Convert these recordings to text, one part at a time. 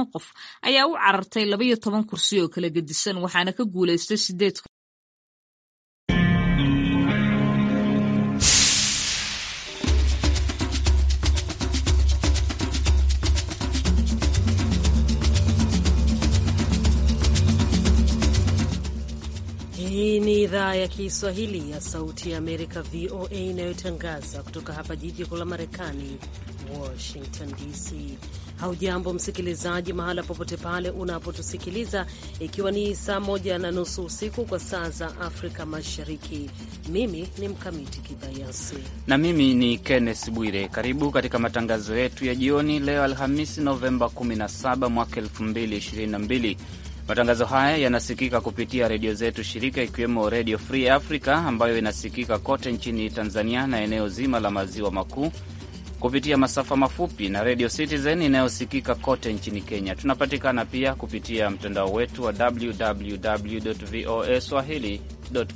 qof ayaa u carartay labaiyo toban kursi oo kala gedisan waxaana ka guulaystay sideed Hii ni idhaa ya Kiswahili ya Sauti ya Amerika, VOA, inayotangaza kutoka hapa jiji kuu la Marekani, Washington DC. Haujambo msikilizaji, mahala popote pale unapotusikiliza, ikiwa ni saa moja na nusu usiku kwa saa za Afrika Mashariki. Mimi ni Mkamiti Kibayasi na mimi ni Kenneth Bwire. Karibu katika matangazo yetu ya jioni leo Alhamisi, Novemba 17 mwaka 2022. Matangazo haya yanasikika kupitia redio zetu shirika ikiwemo Redio Free Africa ambayo inasikika kote nchini Tanzania na eneo zima la maziwa makuu kupitia masafa mafupi na Radio Citizen inayosikika kote nchini Kenya. Tunapatikana pia kupitia mtandao wetu wa www voa swahili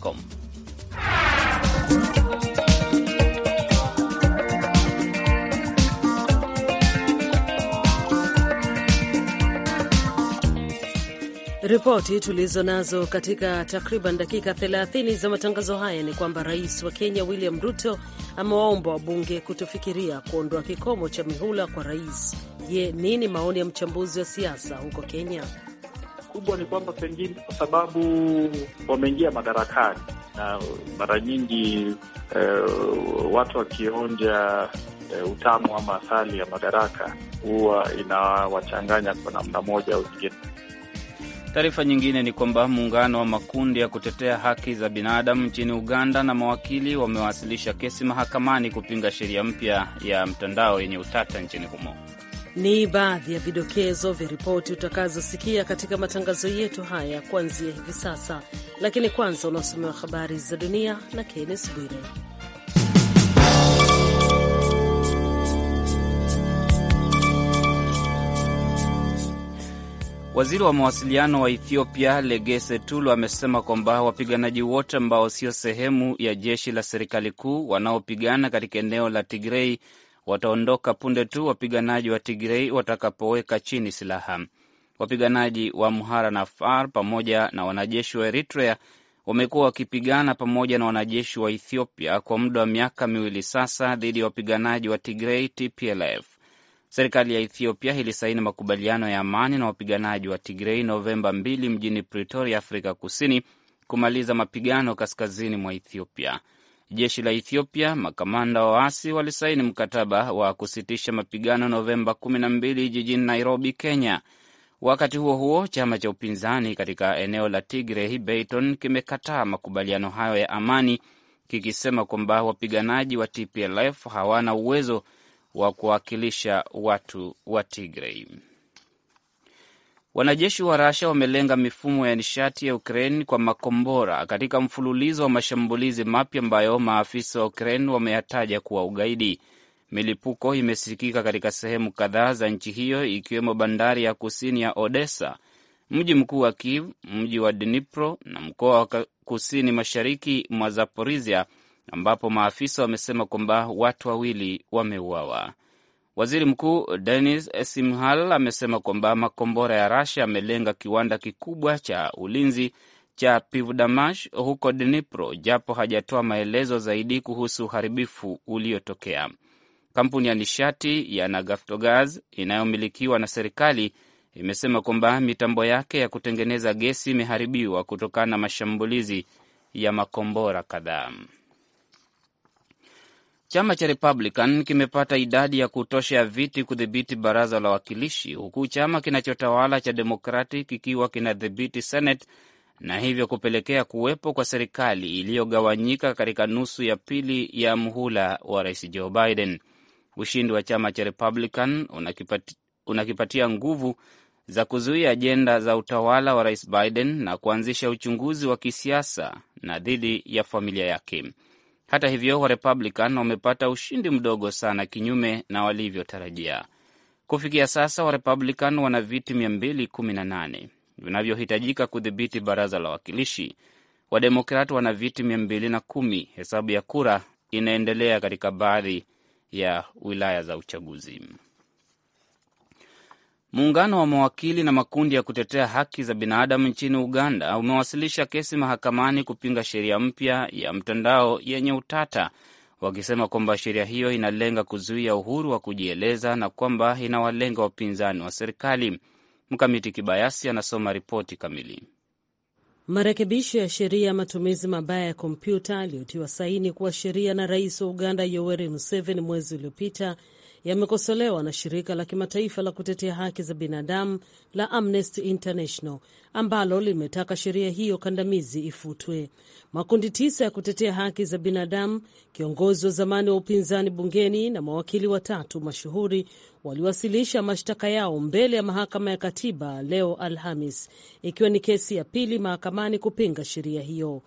com Ripoti tulizo nazo katika takriban dakika 30 za matangazo haya ni kwamba rais wa Kenya William Ruto amewaomba wabunge kutofikiria kuondoa kikomo cha mihula kwa rais. Je, nini maoni ya mchambuzi wa siasa huko Kenya? Kubwa ni kwamba pengine kwa sababu wameingia madarakani na mara nyingi eh, watu wakionja eh, utamu ama asali ya madaraka huwa inawachanganya kwa namna moja au nyingine. Taarifa nyingine ni kwamba muungano wa makundi ya kutetea haki za binadamu nchini Uganda na mawakili wamewasilisha kesi mahakamani kupinga sheria mpya ya mtandao yenye utata nchini humo. Ni baadhi ya vidokezo vya ripoti utakazosikia katika matangazo yetu haya kuanzia hivi sasa, lakini kwanza unaosomewa habari za dunia na Kennes Bwire. Waziri wa mawasiliano wa Ethiopia Legese Tulu amesema kwamba wapiganaji wote ambao sio sehemu ya jeshi la serikali kuu wanaopigana katika eneo la Tigrei wataondoka punde tu wapiganaji wa Tigrei watakapoweka chini silaha. Wapiganaji wa Amhara na Afar pamoja na wanajeshi wa Eritrea wamekuwa wakipigana pamoja na wanajeshi wa Ethiopia kwa muda wa miaka miwili sasa dhidi ya wapiganaji wa Tigrei TPLF. Serikali ya Ethiopia ilisaini makubaliano ya amani na wapiganaji wa Tigrei Novemba 2 mjini Pretoria, Afrika Kusini, kumaliza mapigano kaskazini mwa Ethiopia. Jeshi la Ethiopia, makamanda wa waasi walisaini mkataba wa kusitisha mapigano Novemba 12 jijini Nairobi, Kenya. Wakati huo huo, chama cha upinzani katika eneo la Tigray, Bayton, kimekataa makubaliano hayo ya amani, kikisema kwamba wapiganaji wa TPLF hawana uwezo wa kuwakilisha watu wa Tigrei. Wanajeshi wa Rasha wamelenga mifumo ya nishati ya Ukraine kwa makombora katika mfululizo wa mashambulizi mapya ambayo maafisa wa Ukraine wameyataja kuwa ugaidi. Milipuko imesikika katika sehemu kadhaa za nchi hiyo ikiwemo bandari ya kusini ya Odessa, mji mkuu wa Kiev, mji wa Dnipro na mkoa wa kusini mashariki mwa Zaporizhia ambapo maafisa wamesema kwamba watu wawili wameuawa. Waziri Mkuu Denis Simhal amesema kwamba makombora ya Rasia yamelenga kiwanda kikubwa cha ulinzi cha Pivdamash huko Dnipro, japo hajatoa maelezo zaidi kuhusu uharibifu uliotokea. Kampuni ya nishati ya Nagaftogaz inayomilikiwa na serikali imesema kwamba mitambo yake ya kutengeneza gesi imeharibiwa kutokana na mashambulizi ya makombora kadhaa. Chama cha Republican kimepata idadi ya kutosha ya viti kudhibiti baraza la wawakilishi, huku chama kinachotawala cha Demokrati kikiwa kinadhibiti Senate na hivyo kupelekea kuwepo kwa serikali iliyogawanyika katika nusu ya pili ya mhula wa rais Joe Biden. Ushindi wa chama cha Republican unakipati, unakipatia nguvu za kuzuia ajenda za utawala wa rais Biden na kuanzisha uchunguzi wa kisiasa na dhidi ya familia yake. Hata hivyo, Warepublican wamepata ushindi mdogo sana, kinyume na walivyotarajia. Kufikia sasa Warepublican wana viti 218 vinavyohitajika kudhibiti baraza la wawakilishi. Wademokrat wana viti 210. Hesabu ya kura inaendelea katika baadhi ya wilaya za uchaguzi. Muungano wa mawakili na makundi ya kutetea haki za binadamu nchini Uganda umewasilisha kesi mahakamani kupinga sheria mpya ya mtandao yenye utata, wakisema kwamba sheria hiyo inalenga kuzuia uhuru wa kujieleza na kwamba inawalenga wapinzani wa serikali. Mkamiti Kibayasi anasoma ripoti kamili. Marekebisho ya sheria ya matumizi mabaya ya kompyuta aliyotiwa saini kuwa sheria na rais wa Uganda Yoweri Museveni mwezi uliopita yamekosolewa na shirika la kimataifa la kutetea haki za binadamu la Amnesty International ambalo limetaka sheria hiyo kandamizi ifutwe. Makundi tisa ya kutetea haki za binadamu, kiongozi wa zamani wa upinzani bungeni na mawakili watatu mashuhuri waliwasilisha mashtaka yao mbele ya mahakama ya katiba leo Alhamis, ikiwa ni kesi ya pili mahakamani kupinga sheria hiyo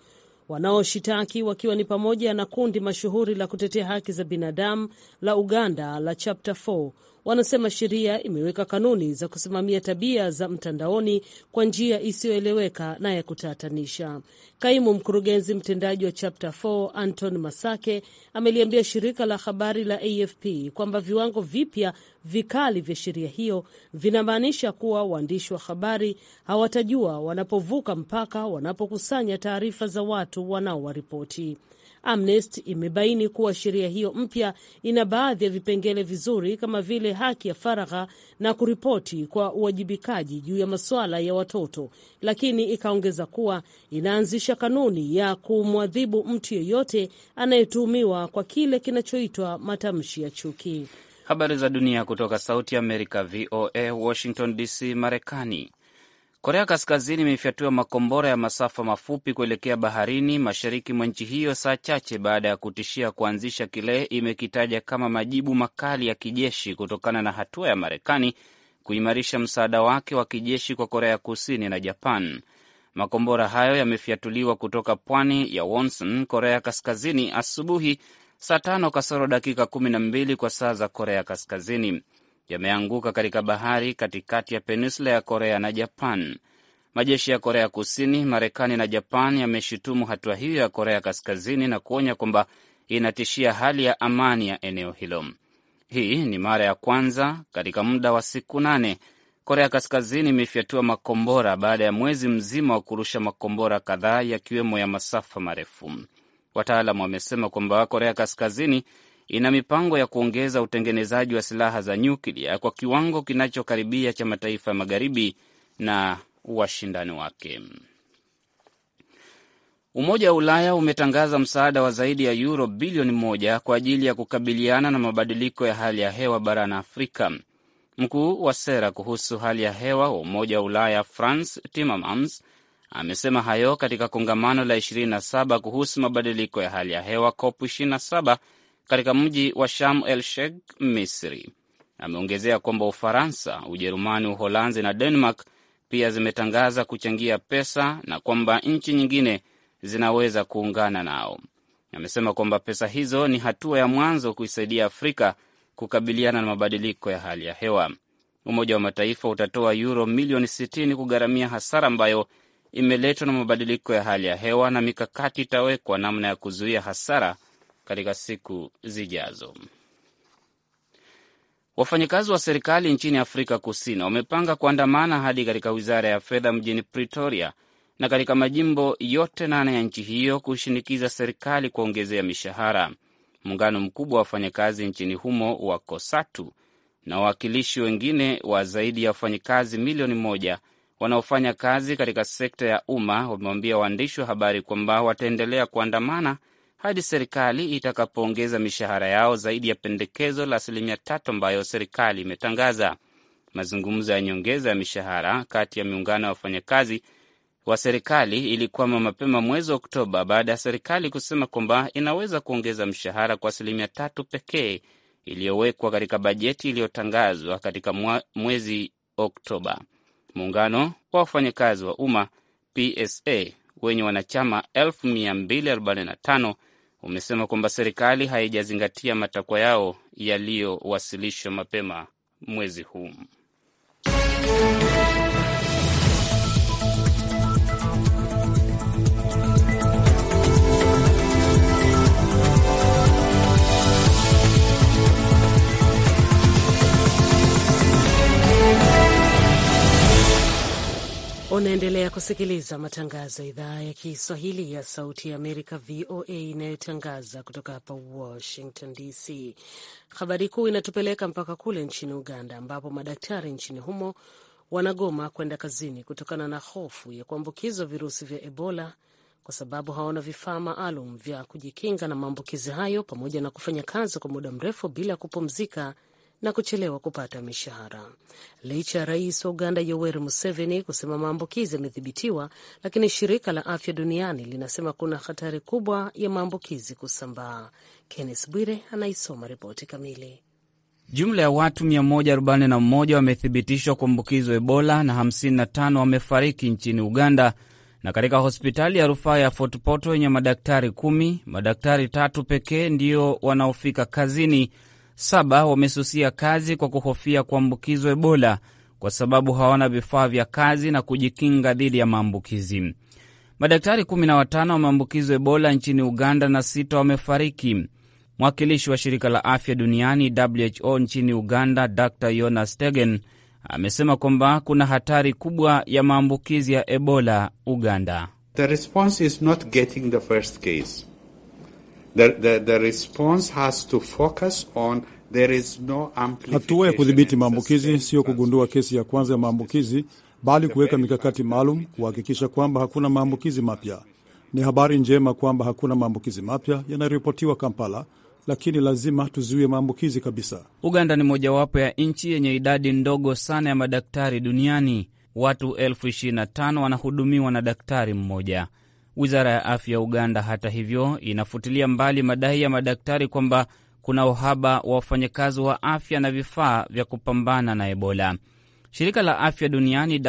wanaoshitaki wakiwa ni pamoja na kundi mashuhuri la kutetea haki za binadamu la Uganda la Chapter 4 wanasema sheria imeweka kanuni za kusimamia tabia za mtandaoni kwa njia isiyoeleweka na ya kutatanisha. Kaimu mkurugenzi mtendaji wa Chapter 4 Anton Masake ameliambia shirika la habari la AFP kwamba viwango vipya vikali vya sheria hiyo vinamaanisha kuwa waandishi wa habari hawatajua wanapovuka mpaka wanapokusanya taarifa za watu wanaowaripoti. Amnesty imebaini kuwa sheria hiyo mpya ina baadhi ya vipengele vizuri kama vile haki ya faragha na kuripoti kwa uwajibikaji juu ya masuala ya watoto, lakini ikaongeza kuwa inaanzisha kanuni ya kumwadhibu mtu yeyote anayetuhumiwa kwa kile kinachoitwa matamshi ya chuki. Habari za dunia kutoka Sauti ya Amerika, VOA, Washington DC, Marekani. Korea Kaskazini imefyatua makombora ya masafa mafupi kuelekea baharini mashariki mwa nchi hiyo saa chache baada ya kutishia kuanzisha kile imekitaja kama majibu makali ya kijeshi kutokana na hatua ya Marekani kuimarisha msaada wake wa kijeshi kwa Korea Kusini na Japan. Makombora hayo yamefyatuliwa kutoka pwani ya Wonsan, Korea Kaskazini, asubuhi saa tano kasoro dakika kumi na mbili kwa saa za Korea Kaskazini yameanguka katika bahari katikati ya peninsula ya Korea na Japan. Majeshi ya Korea Kusini, Marekani na Japan yameshutumu hatua hiyo ya Korea Kaskazini na kuonya kwamba inatishia hali ya amani ya eneo hilo. Hii ni mara ya kwanza katika muda wa siku nane Korea Kaskazini imefyatua makombora baada ya mwezi mzima wa kurusha makombora kadhaa yakiwemo ya masafa marefu. Wataalamu wamesema kwamba Korea Kaskazini ina mipango ya kuongeza utengenezaji wa silaha za nyuklia kwa kiwango kinachokaribia cha mataifa ya magharibi na washindani wake. Umoja wa Ulaya umetangaza msaada wa zaidi ya yuro bilioni moja kwa ajili ya kukabiliana na mabadiliko ya hali ya hewa barani Afrika. Mkuu wa sera kuhusu hali ya hewa wa Umoja wa Ulaya Frans Timmermans amesema hayo katika kongamano la 27 kuhusu mabadiliko ya hali ya hewa COP 27 katika mji wa Sham el Sheikh, Misri. Ameongezea kwamba Ufaransa, Ujerumani, Uholanzi na Denmark pia zimetangaza kuchangia pesa na kwamba nchi nyingine zinaweza kuungana nao. Amesema kwamba pesa hizo ni hatua ya mwanzo kuisaidia Afrika kukabiliana na mabadiliko ya hali ya hewa. Umoja wa Mataifa utatoa yuro milioni 60 kugharamia hasara ambayo imeletwa na mabadiliko ya hali ya hewa, na mikakati itawekwa namna ya kuzuia hasara katika siku zijazo. Wafanyakazi wa serikali nchini Afrika Kusini wamepanga kuandamana hadi katika wizara ya fedha mjini Pretoria na katika majimbo yote nane ya nchi hiyo kushinikiza serikali kuongezea mishahara. Muungano mkubwa wa wafanyakazi nchini humo wa KOSATU na wawakilishi wengine wa zaidi ya wafanyakazi milioni moja wanaofanya kazi katika sekta ya umma wamewambia waandishi wa habari kwamba wataendelea kuandamana kwa hadi serikali itakapoongeza mishahara yao zaidi ya pendekezo la asilimia tatu ambayo serikali imetangaza. Mazungumzo ya nyongeza ya mishahara kati ya miungano ya wafanyakazi wa serikali ilikwama mapema mwezi Oktoba baada ya serikali kusema kwamba inaweza kuongeza mshahara kwa asilimia tatu pekee iliyowekwa katika bajeti iliyotangazwa katika mwezi Oktoba. Muungano wa wafanyakazi wa umma PSA wenye wanachama 245 umesema kwamba serikali haijazingatia matakwa yao yaliyowasilishwa mapema mwezi huu. Unaendelea kusikiliza matangazo ya idhaa ya Kiswahili ya Sauti ya Amerika, VOA, inayotangaza kutoka hapa Washington DC. Habari kuu inatupeleka mpaka kule nchini Uganda, ambapo madaktari nchini humo wanagoma kwenda kazini kutokana na hofu ya kuambukizwa virusi vya Ebola kwa sababu hawana vifaa maalum vya kujikinga na maambukizi hayo pamoja na kufanya kazi kwa muda mrefu bila kupumzika na kuchelewa kupata mishahara. Licha ya rais wa Uganda Yoweri Museveni kusema maambukizi yamedhibitiwa, lakini shirika la afya duniani linasema kuna hatari kubwa ya maambukizi kusambaa. Kenneth Bwire anaisoma ripoti kamili. Jumla ya watu 141 wamethibitishwa kuambukizwa Ebola na 55 wamefariki nchini Uganda na katika hospitali ya rufaa ya Fort Portal yenye madaktari kumi, madaktari tatu pekee ndio wanaofika kazini saba wamesusia kazi kwa kuhofia kuambukizwa Ebola kwa sababu hawana vifaa vya kazi na kujikinga dhidi ya maambukizi. Madaktari 15 wameambukizwa Ebola nchini Uganda na sita wamefariki. Mwakilishi wa shirika la afya duniani WHO nchini Uganda, Dr Jonas Tegen amesema kwamba kuna hatari kubwa ya maambukizi ya Ebola Uganda. The response is not getting the first case. The, the, response has to focus on there is no amplification. Hatua ya kudhibiti maambukizi siyo kugundua kesi ya kwanza ya maambukizi, bali kuweka mikakati maalum kuhakikisha kwamba hakuna maambukizi mapya. Ni habari njema kwamba hakuna maambukizi mapya yanayoripotiwa Kampala, lakini lazima tuzuie maambukizi kabisa. Uganda ni mojawapo ya nchi yenye idadi ndogo sana ya madaktari duniani. Watu elfu 25 wanahudumiwa na daktari mmoja. Wizara ya afya ya Uganda, hata hivyo, inafutilia mbali madai ya madaktari kwamba kuna uhaba wa wafanyakazi wa afya na vifaa vya kupambana na Ebola. Shirika la afya duniani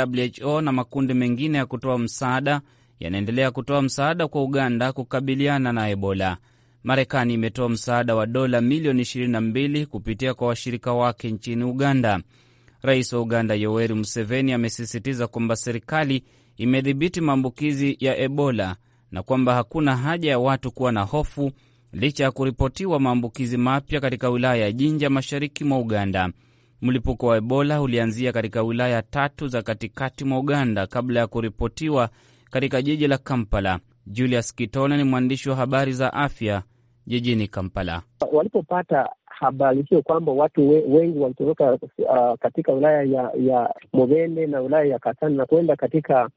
WHO na makundi mengine ya kutoa msaada yanaendelea kutoa msaada kwa Uganda kukabiliana na Ebola. Marekani imetoa msaada wa dola milioni 22 kupitia kwa washirika wake nchini Uganda. Rais wa Uganda Yoweri Museveni amesisitiza kwamba serikali imedhibiti maambukizi ya Ebola na kwamba hakuna haja ya watu kuwa na hofu licha ya kuripotiwa maambukizi mapya katika wilaya ya Jinja mashariki mwa Uganda. Mlipuko wa Ebola ulianzia katika wilaya tatu za katikati mwa Uganda kabla ya kuripotiwa katika jiji la Kampala. Julius Kitone ni mwandishi wa habari za afya jijini Kampala. Walipopata habari hiyo kwamba watu we, wengi walitoroka uh, katika wilaya ya ya Mubende na wilaya ya Katani na kuenda katika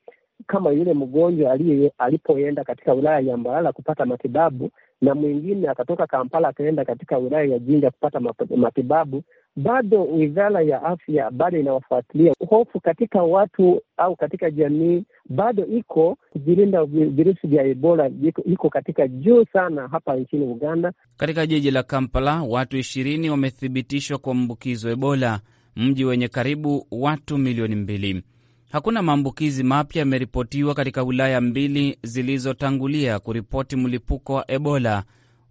kama yule mgonjwa alipoenda katika wilaya ya Mbarara kupata matibabu, na mwingine akatoka Kampala akaenda katika wilaya ya Jinja kupata matibabu, bado wizara ya afya bado inawafuatilia. Hofu katika watu au katika jamii bado iko, kujilinda virusi vya Ebola iko katika juu sana hapa nchini Uganda. Katika jiji la Kampala watu ishirini wamethibitishwa kuambukizwa Ebola, mji wenye karibu watu milioni mbili. Hakuna maambukizi mapya yameripotiwa katika wilaya mbili zilizotangulia kuripoti mlipuko wa Ebola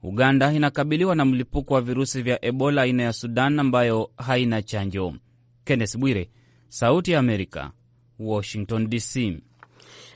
Uganda inakabiliwa na mlipuko wa virusi vya Ebola aina ya Sudan ambayo haina chanjo. Kenneth Bwire, Sauti ya Amerika, Washington DC.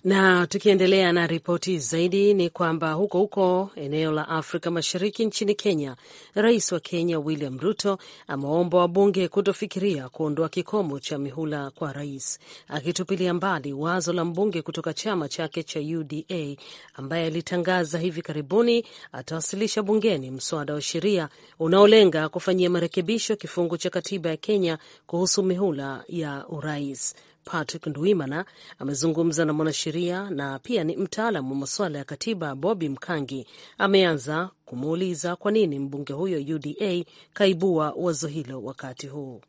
Na tukiendelea na ripoti zaidi ni kwamba huko huko eneo la Afrika Mashariki nchini Kenya, rais wa Kenya William Ruto amewaomba wabunge kutofikiria kuondoa kikomo cha mihula kwa rais, akitupilia mbali wazo la mbunge kutoka chama chake cha UDA ambaye alitangaza hivi karibuni atawasilisha bungeni mswada wa sheria unaolenga kufanyia marekebisho kifungu cha katiba ya Kenya kuhusu mihula ya urais. Patrick Ndwimana amezungumza na mwanasheria na pia ni mtaalamu wa masuala ya katiba Bobi Mkangi. Ameanza kumuuliza kwa nini mbunge huyo UDA kaibua wazo hilo wakati huu.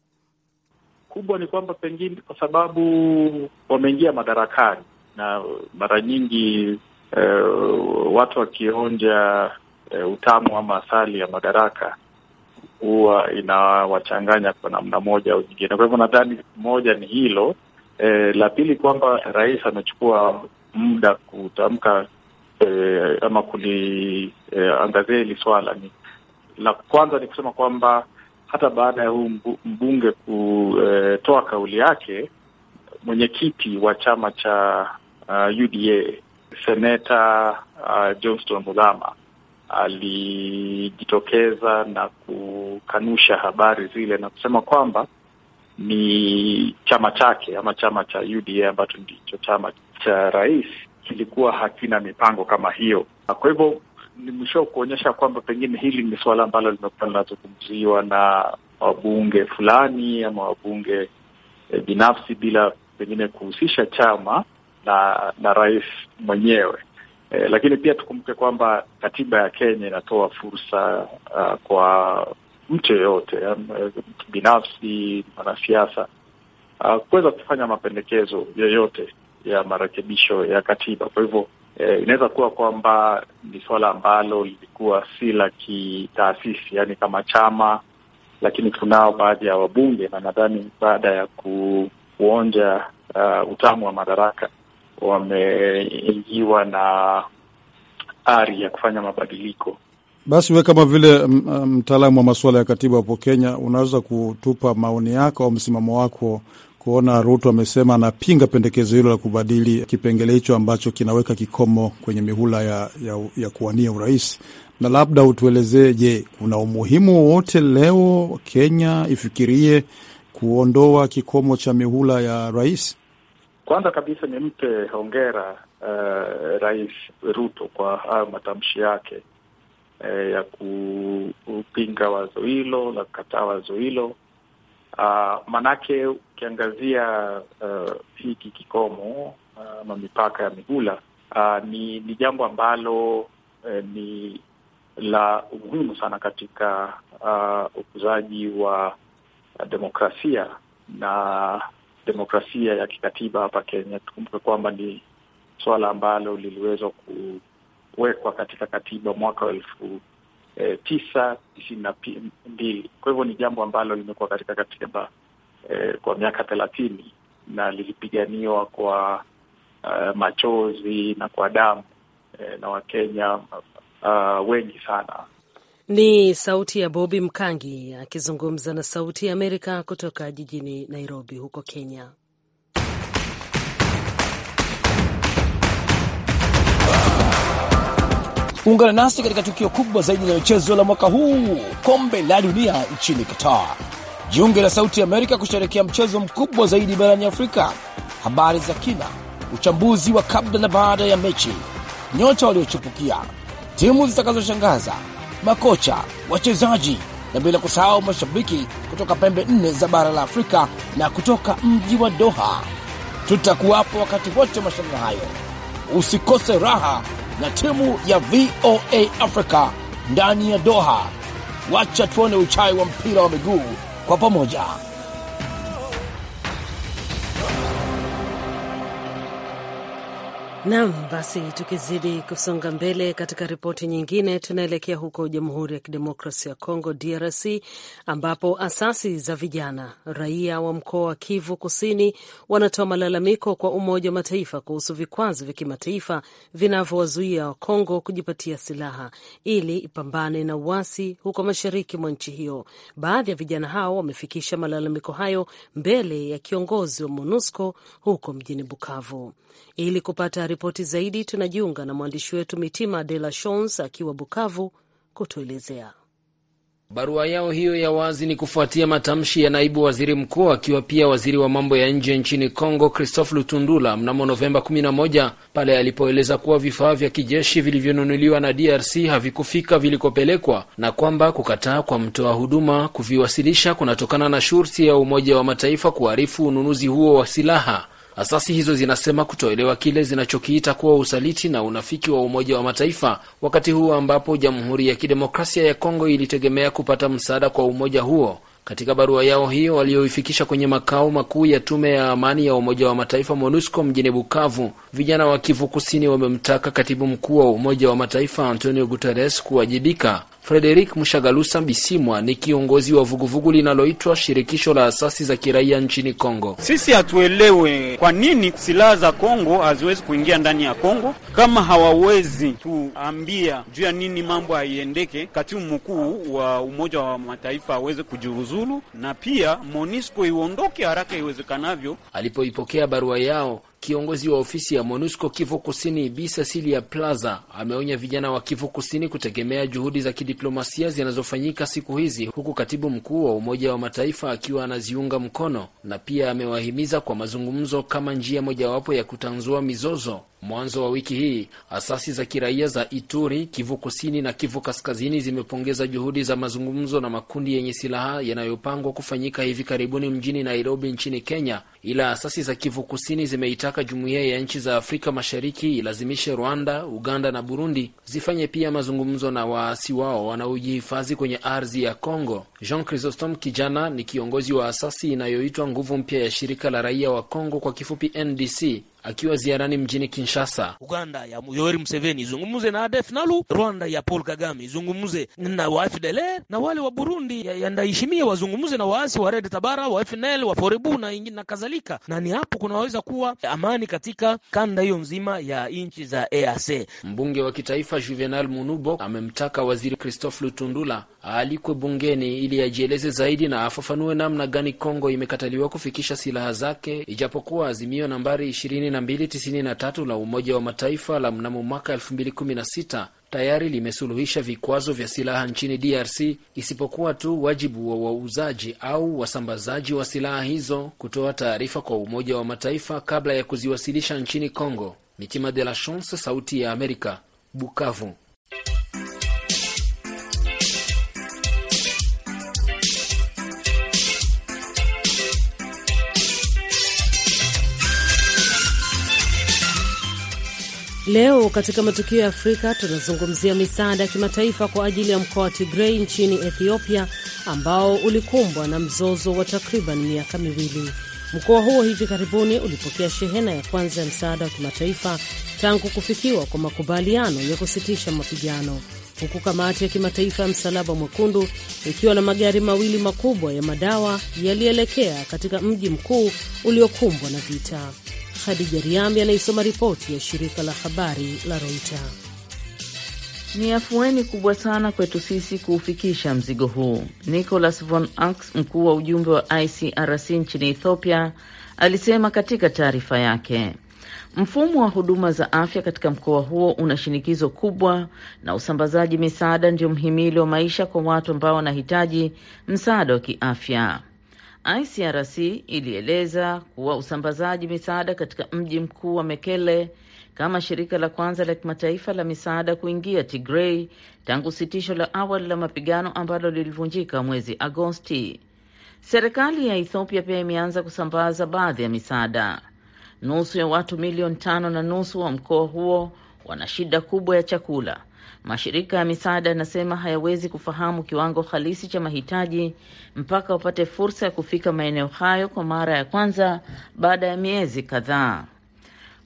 Kubwa ni kwamba pengine kwa sababu wameingia madarakani na mara nyingi Uh, watu wakionja uh, utamu ama asali ya madaraka huwa inawachanganya kwa namna moja au nyingine. Kwa hivyo nadhani moja ni hilo, E, la pili kwamba rais amechukua muda kutamka e, ama kuliangazia eh, e, hili swala ni la kwanza ni kusema kwamba hata baada ya huu mbunge kutoa e, kauli yake, mwenyekiti wa chama cha uh, UDA seneta uh, Johnston Muthama alijitokeza na kukanusha habari zile na kusema kwamba ni chama chake ama chama cha UDA ambacho ndicho chama cha rais kilikuwa hakina mipango kama hiyo. Kwa hivyo ni mwisho kuonyesha kwamba pengine hili ni suala ambalo limekuwa linazungumziwa na wabunge fulani ama wabunge e, binafsi bila pengine kuhusisha chama na na rais mwenyewe e, lakini pia tukumbuke kwamba katiba ya Kenya inatoa fursa uh, kwa mtu yeyote eh, binafsi, mwanasiasa ah, kuweza kufanya mapendekezo yoyote ya marekebisho ya katiba. Kwa hivyo eh, inaweza kuwa kwamba ni suala ambalo lilikuwa si la kitaasisi, yaani kama chama, lakini tunao baadhi ya wabunge na nadhani baada ya kuonja uh, utamu wa madaraka wameingiwa na ari ya kufanya mabadiliko basi we kama vile mm, mm, mtaalamu wa masuala ya katiba hapo Kenya, unaweza kutupa maoni yako au msimamo wako kuona Ruto amesema anapinga pendekezo hilo la kubadili kipengele hicho ambacho kinaweka kikomo kwenye mihula ya, ya, ya kuwania urais, na labda utuelezee, je, kuna umuhimu wowote leo Kenya ifikirie kuondoa kikomo cha mihula ya rais? Kwanza kabisa nimpe hongera uh, Rais Ruto kwa hayo matamshi yake eh, ya kupinga wazo hilo na kukataa wazo hilo uh, ah, maanake ukiangazia uh, hiki kikomo ah, ama uh, mipaka ya migula uh, ah, ni ni jambo ambalo eh, ni la umuhimu sana katika uh, ukuzaji wa demokrasia na demokrasia ya kikatiba hapa Kenya. Tukumbuke kwamba ni suala ambalo liliweza ku kuwekwa katika katiba mwaka wa elfu e, tisa tisini na mbili. Kwa hivyo ni jambo ambalo limekuwa katika katiba e, kwa miaka thelathini na lilipiganiwa kwa uh, machozi na kwa damu e, na Wakenya uh, wengi sana. Ni sauti ya Bobi Mkangi akizungumza na Sauti ya Amerika kutoka jijini Nairobi huko Kenya. Ungana nasi katika tukio kubwa zaidi la michezo la mwaka huu, kombe la dunia nchini Qatar. Jiunge na Sauti Amerika kusherekea mchezo mkubwa zaidi barani Afrika. Habari za kina, uchambuzi wa kabla na baada ya mechi, nyota waliochipukia, timu zitakazoshangaza, makocha, wachezaji na bila kusahau mashabiki kutoka pembe nne za bara la Afrika na kutoka mji wa Doha. Tutakuwapo wakati wote wa mashindano hayo, usikose raha na timu ya VOA Africa ndani ya Doha. Wacha tuone uchai wa mpira wa miguu kwa pamoja. Nam, basi tukizidi kusonga mbele katika ripoti nyingine, tunaelekea huko Jamhuri ya Kidemokrasia ya Kongo, DRC, ambapo asasi za vijana raia wa mkoa wa Kivu Kusini wanatoa malalamiko kwa Umoja wa Mataifa kuhusu vikwazo vya kimataifa vinavyowazuia Wakongo kujipatia silaha ili ipambane na uasi huko mashariki mwa nchi hiyo. Baadhi ya vijana hao wamefikisha malalamiko hayo mbele ya kiongozi wa MONUSCO huko mjini Bukavu ili kupata ripoti zaidi tunajiunga na mwandishi wetu Mitima De La Shons akiwa Bukavu kutuelezea. Barua yao hiyo ya wazi ni kufuatia matamshi ya naibu waziri mkuu akiwa pia waziri wa mambo ya nje nchini Kongo, Christophe Lutundula mnamo Novemba 11 pale alipoeleza kuwa vifaa vya kijeshi vilivyonunuliwa na DRC havikufika vilikopelekwa na kwamba kukataa kwa mtoa huduma kuviwasilisha kunatokana na shurti ya Umoja wa Mataifa kuharifu ununuzi huo wa silaha. Asasi hizo zinasema kutoelewa kile zinachokiita kuwa usaliti na unafiki wa Umoja wa Mataifa wakati huo ambapo Jamhuri ya Kidemokrasia ya Kongo ilitegemea kupata msaada kwa umoja huo. Katika barua yao hiyo walioifikisha kwenye makao makuu ya tume ya amani ya Umoja wa Mataifa MONUSCO mjini Bukavu, vijana wa Kivu Kusini wamemtaka katibu mkuu wa Umoja wa Mataifa Antonio Guterres kuwajibika Frederik Mushagalusa Bisimwa ni kiongozi wa vuguvugu linaloitwa shirikisho la asasi za kiraia nchini Kongo. Sisi hatuelewe kwa nini silaha za Kongo haziwezi kuingia ndani ya Kongo, kama hawawezi tuambia juu ya nini mambo haiendeke. Katibu mkuu wa Umoja wa Mataifa aweze kujiuzulu na pia MONUSCO iondoke haraka iwezekanavyo. Alipoipokea barua yao Kiongozi wa ofisi ya MONUSCO Kivu Kusini Bi Cecilia Plaza ameonya vijana wa Kivu Kusini kutegemea juhudi za kidiplomasia zinazofanyika siku hizi, huku katibu mkuu wa Umoja wa Mataifa akiwa anaziunga mkono, na pia amewahimiza kwa mazungumzo kama njia mojawapo ya kutanzua mizozo. Mwanzo wa wiki hii asasi za kiraia za Ituri, Kivu Kusini na Kivu Kaskazini zimepongeza juhudi za mazungumzo na makundi yenye silaha yanayopangwa kufanyika hivi karibuni mjini Nairobi nchini Kenya, ila asasi za Kivu Kusini zimeitaka jumuiya ya nchi za Afrika Mashariki ilazimishe Rwanda, Uganda na Burundi zifanye pia mazungumzo na waasi wao wanaojihifadhi kwenye ardhi ya congo Jean Chrysostom Kijana ni kiongozi wa asasi inayoitwa Nguvu Mpya ya Shirika la Raia wa Kongo, kwa kifupi NDC akiwa ziarani mjini Kinshasa. Uganda ya Yoweri Museveni izungumze na ADF Nalu, Rwanda ya Paul Kagame izungumze na wa FDLR, na wale wa Burundi ya Ndayishimiye wazungumze na waasi wa Red Tabara, wa FNL, wa Forebu na na kadhalika, na ni hapo kunaweza kuwa amani katika kanda hiyo nzima ya nchi za EAC. Mbunge wa kitaifa Juvenal Munubo amemtaka waziri Christophe Lutundula aalikwe bungeni ili ajieleze zaidi na afafanue namna gani Kongo imekataliwa kufikisha silaha zake, ijapokuwa azimio nambari ishirini 1293 la Umoja wa Mataifa la mnamo mwaka 2016 tayari limesuluhisha vikwazo vya silaha nchini DRC isipokuwa tu wajibu wa wauzaji au wasambazaji wa silaha hizo kutoa taarifa kwa Umoja wa Mataifa kabla ya kuziwasilisha nchini congo Mitima de la Chance, Sauti ya Amerika, Bukavu. Leo katika matukio ya Afrika tunazungumzia misaada ya kimataifa kwa ajili ya mkoa wa Tigrei nchini Ethiopia ambao ulikumbwa na mzozo wa takriban miaka miwili. Mkoa huo hivi karibuni ulipokea shehena ya kwanza ya msaada wa kimataifa tangu kufikiwa kwa makubaliano ya kusitisha mapigano, huku kamati ya kimataifa ya Msalaba Mwekundu ikiwa na magari mawili makubwa ya madawa yalielekea katika mji mkuu uliokumbwa na vita. Khadija Riami anaisoma ripoti ya shirika la habari la Reuters. Ni afueni kubwa sana kwetu sisi kuufikisha mzigo huu. Nicholas von Ax, mkuu wa ujumbe wa ICRC nchini Ethiopia, alisema katika taarifa yake, mfumo wa huduma za afya katika mkoa huo una shinikizo kubwa, na usambazaji misaada ndio mhimili wa maisha kwa watu ambao wanahitaji msaada wa kiafya. ICRC ilieleza kuwa usambazaji misaada katika mji mkuu wa Mekele kama shirika la kwanza la kimataifa la misaada kuingia tigrei tangu sitisho la awali la mapigano ambalo lilivunjika mwezi Agosti. Serikali ya Ethiopia pia imeanza kusambaza baadhi ya misaada. Nusu ya watu milioni tano na nusu wa mkoa huo wana shida kubwa ya chakula Mashirika ya misaada yanasema hayawezi kufahamu kiwango halisi cha mahitaji mpaka wapate fursa ya kufika maeneo hayo kwa mara ya kwanza baada ya miezi kadhaa.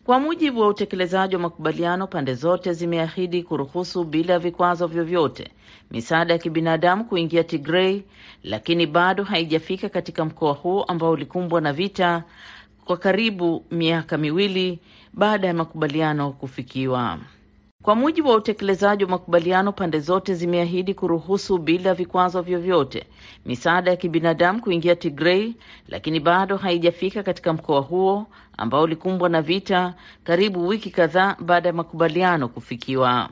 Kwa mujibu wa utekelezaji wa makubaliano, pande zote zimeahidi kuruhusu bila vikwazo vyovyote misaada ya kibinadamu kuingia tigrei lakini bado haijafika katika mkoa huo ambao ulikumbwa na vita kwa karibu miaka miwili baada ya makubaliano kufikiwa. Kwa mujibu wa utekelezaji wa makubaliano, pande zote zimeahidi kuruhusu bila vikwazo vyovyote misaada ya kibinadamu kuingia Tigrei, lakini bado haijafika katika mkoa huo ambao ulikumbwa na vita, karibu wiki kadhaa baada ya makubaliano kufikiwa.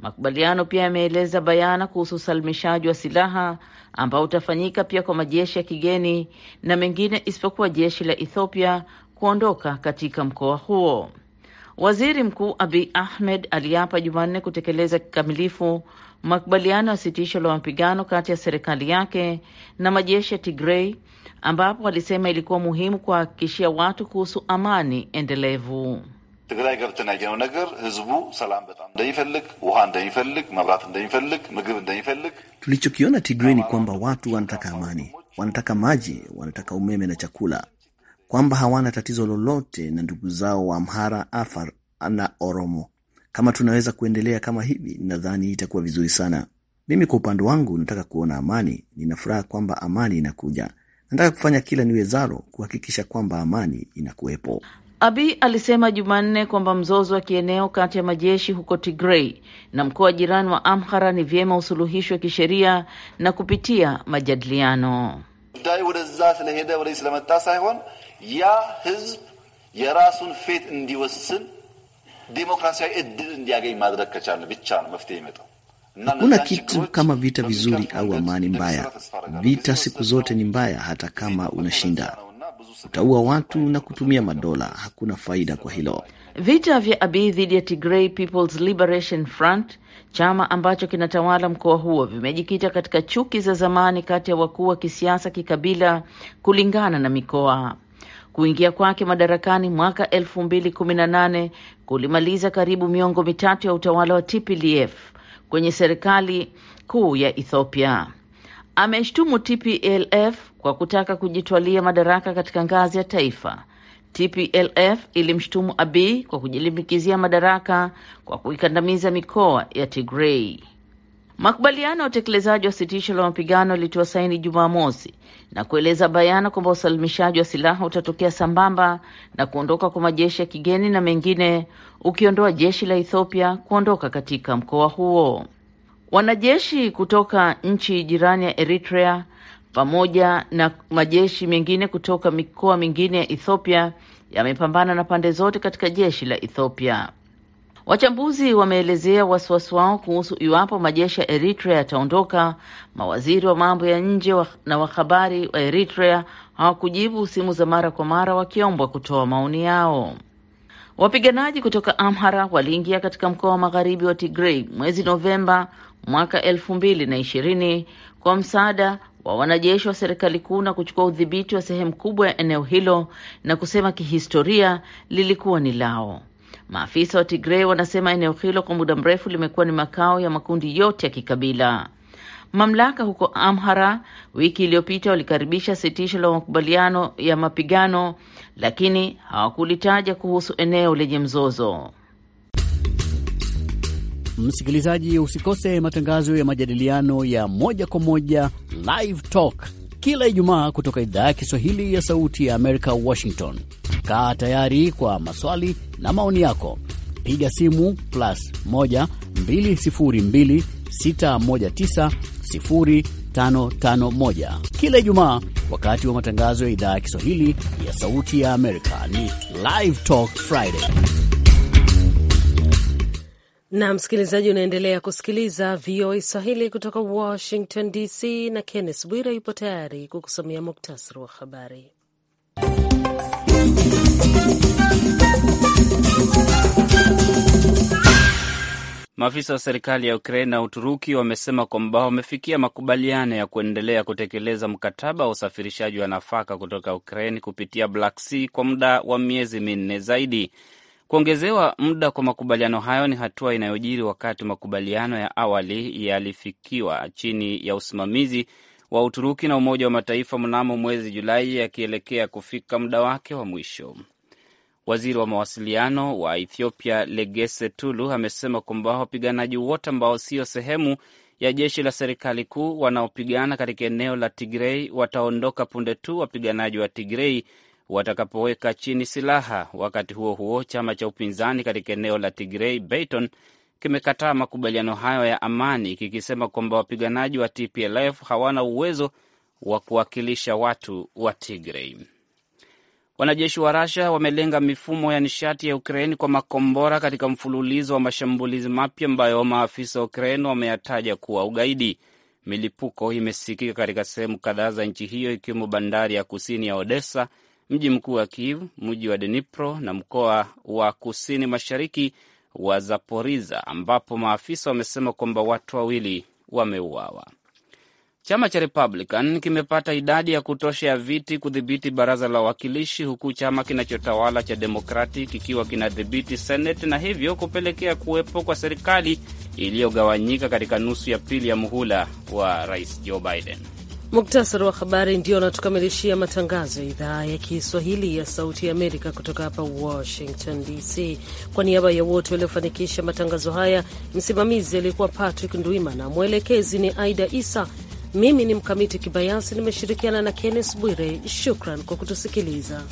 Makubaliano pia yameeleza bayana kuhusu usalimishaji wa silaha ambao utafanyika pia kwa majeshi ya kigeni na mengine isipokuwa jeshi la Ethiopia kuondoka katika mkoa huo. Waziri Mkuu abi Ahmed aliapa Jumanne kutekeleza kikamilifu makubaliano ya sitisho la mapigano kati ya serikali yake na majeshi ya tigrei ambapo alisema ilikuwa muhimu kuhakikishia watu kuhusu amani endelevu. ትግራይ ገብተን ያየነው ነገር ህዝቡ ሰላም በጣም እንደሚፈልግ ውሃ እንደሚፈልግ መብራት እንደሚፈልግ ምግብ እንደሚፈልግ tulichokiona Tigray ni kwamba watu wanataka amani, wanataka maji, wanataka umeme na chakula kwamba hawana tatizo lolote na ndugu zao Waamhara Afar na Oromo kama tunaweza kuendelea kama hivi, nadhani itakuwa vizuri sana. Mimi kwa upande wangu nataka kuona amani. Nina furaha kwamba amani inakuja. Nataka kufanya kila niwezalo kuhakikisha kwamba amani inakuwepo. Abi alisema Jumanne kwamba mzozo wa kieneo kati ya majeshi huko tigrei na mkoa jirani wa Amhara ni vyema usuluhishwe kisheria na kupitia majadiliano ያ ህዝብ የራሱን ፌት እንዲወስን ዴሞክራሲያዊ እድል እንዲያገኝ maadra kachana bichana mafite imeto Kuna kitu kama vita vizuri au amani mbaya. Vita siku zote ni mbaya, hata kama unashinda utaua watu na kutumia madola. Hakuna faida kwa hilo. Vita vya Abiy dhidi ya Tigray People's Liberation Front, chama ambacho kinatawala mkoa huo, vimejikita katika chuki za zamani kati ya wakuu wa kisiasa kikabila, kulingana na mikoa. Kuingia kwake madarakani mwaka 2018 kulimaliza karibu miongo mitatu ya utawala wa TPLF kwenye serikali kuu ya Ethiopia. Ameshtumu TPLF kwa kutaka kujitwalia madaraka katika ngazi ya taifa. TPLF ilimshutumu Abiy kwa kujilimbikizia madaraka kwa kuikandamiza mikoa ya Tigray. Makubaliano ya utekelezaji wa sitisho la mapigano yalitiwa saini Jumamosi na kueleza bayana kwamba usalimishaji wa silaha utatokea sambamba na kuondoka kwa majeshi ya kigeni na mengine, ukiondoa jeshi la Ethiopia kuondoka katika mkoa huo. Wanajeshi kutoka nchi jirani ya Eritrea pamoja na majeshi mengine kutoka mikoa mingine ya Ethiopia yamepambana na pande zote katika jeshi la Ethiopia. Wachambuzi wameelezea wasiwasi wao kuhusu iwapo majeshi ya Eritrea yataondoka. Mawaziri wa mambo ya nje na wahabari wa Eritrea hawakujibu simu za mara kwa mara wakiombwa kutoa maoni yao. Wapiganaji kutoka Amhara waliingia katika mkoa wa magharibi wa tigrei mwezi Novemba mwaka elfu mbili na ishirini kwa msaada wa wanajeshi wa serikali kuu na kuchukua udhibiti wa sehemu kubwa ya eneo hilo na kusema kihistoria lilikuwa ni lao. Maafisa wa Tigrei wanasema eneo hilo kwa muda mrefu limekuwa ni makao ya makundi yote ya kikabila. Mamlaka huko Amhara wiki iliyopita walikaribisha sitisho la makubaliano ya mapigano, lakini hawakulitaja kuhusu eneo lenye mzozo. Msikilizaji, usikose matangazo ya majadiliano ya moja kwa moja Live Talk kila Ijumaa kutoka idhaa ya Kiswahili ya Sauti ya Amerika, Washington. Kaa tayari kwa maswali na maoni yako, piga simu plus 1 202 619 0551 kila Ijumaa wakati wa matangazo ya idhaa ya Kiswahili ya Sauti ya Amerika. Ni Live Talk Friday na msikilizaji, unaendelea kusikiliza VOA Swahili kutoka Washington DC, na kennes Bwire yupo tayari kukusomea muktasari wa habari. Maafisa wa serikali ya ukrain na Uturuki wamesema kwamba wamefikia makubaliano ya kuendelea kutekeleza mkataba wa usafirishaji wa nafaka kutoka ukrain kupitia Black Sea kwa muda wa miezi minne zaidi. Kuongezewa muda kwa makubaliano hayo ni hatua inayojiri wakati makubaliano ya awali yalifikiwa chini ya usimamizi wa Uturuki na Umoja wa Mataifa mnamo mwezi Julai yakielekea kufika muda wake wa mwisho. Waziri wa mawasiliano wa Ethiopia Legese Tulu amesema kwamba wapiganaji wote ambao sio sehemu ya jeshi la serikali kuu wanaopigana katika eneo la Tigrei wataondoka punde tu wapiganaji wa Tigrei watakapoweka chini silaha. Wakati huo huo, chama cha upinzani katika eneo la Tigrei Beiton kimekataa makubaliano hayo ya amani kikisema kwamba wapiganaji wa TPLF hawana uwezo wa kuwakilisha watu wa Tigrei. Wanajeshi wa Rasha wamelenga mifumo ya nishati ya Ukraini kwa makombora katika mfululizo wa mashambulizi mapya ambayo maafisa wa Ukraini wameyataja kuwa ugaidi. Milipuko imesikika katika sehemu kadhaa za nchi hiyo ikiwemo bandari ya kusini ya Odessa mji mkuu wa Kiev, mji wa Dnipro na mkoa wa kusini mashariki wa Zaporiza, ambapo maafisa wamesema kwamba watu wawili wameuawa. Chama cha Republican kimepata idadi ya kutosha ya viti kudhibiti baraza la wawakilishi huku chama kinachotawala cha Demokrati kikiwa kinadhibiti Senate na hivyo kupelekea kuwepo kwa serikali iliyogawanyika katika nusu ya pili ya muhula wa Rais Joe Biden. Muktasari wa habari ndio anatukamilishia matangazo ya idhaa ya Kiswahili ya Sauti ya Amerika kutoka hapa Washington DC. Kwa niaba ya wote waliofanikisha matangazo haya, msimamizi aliyekuwa Patrick na mwelekezi ni Aida Isa, mimi ni Mkamiti Kibayasi, nimeshirikiana na Kennes Bwire. Shukran kwa kutusikiliza.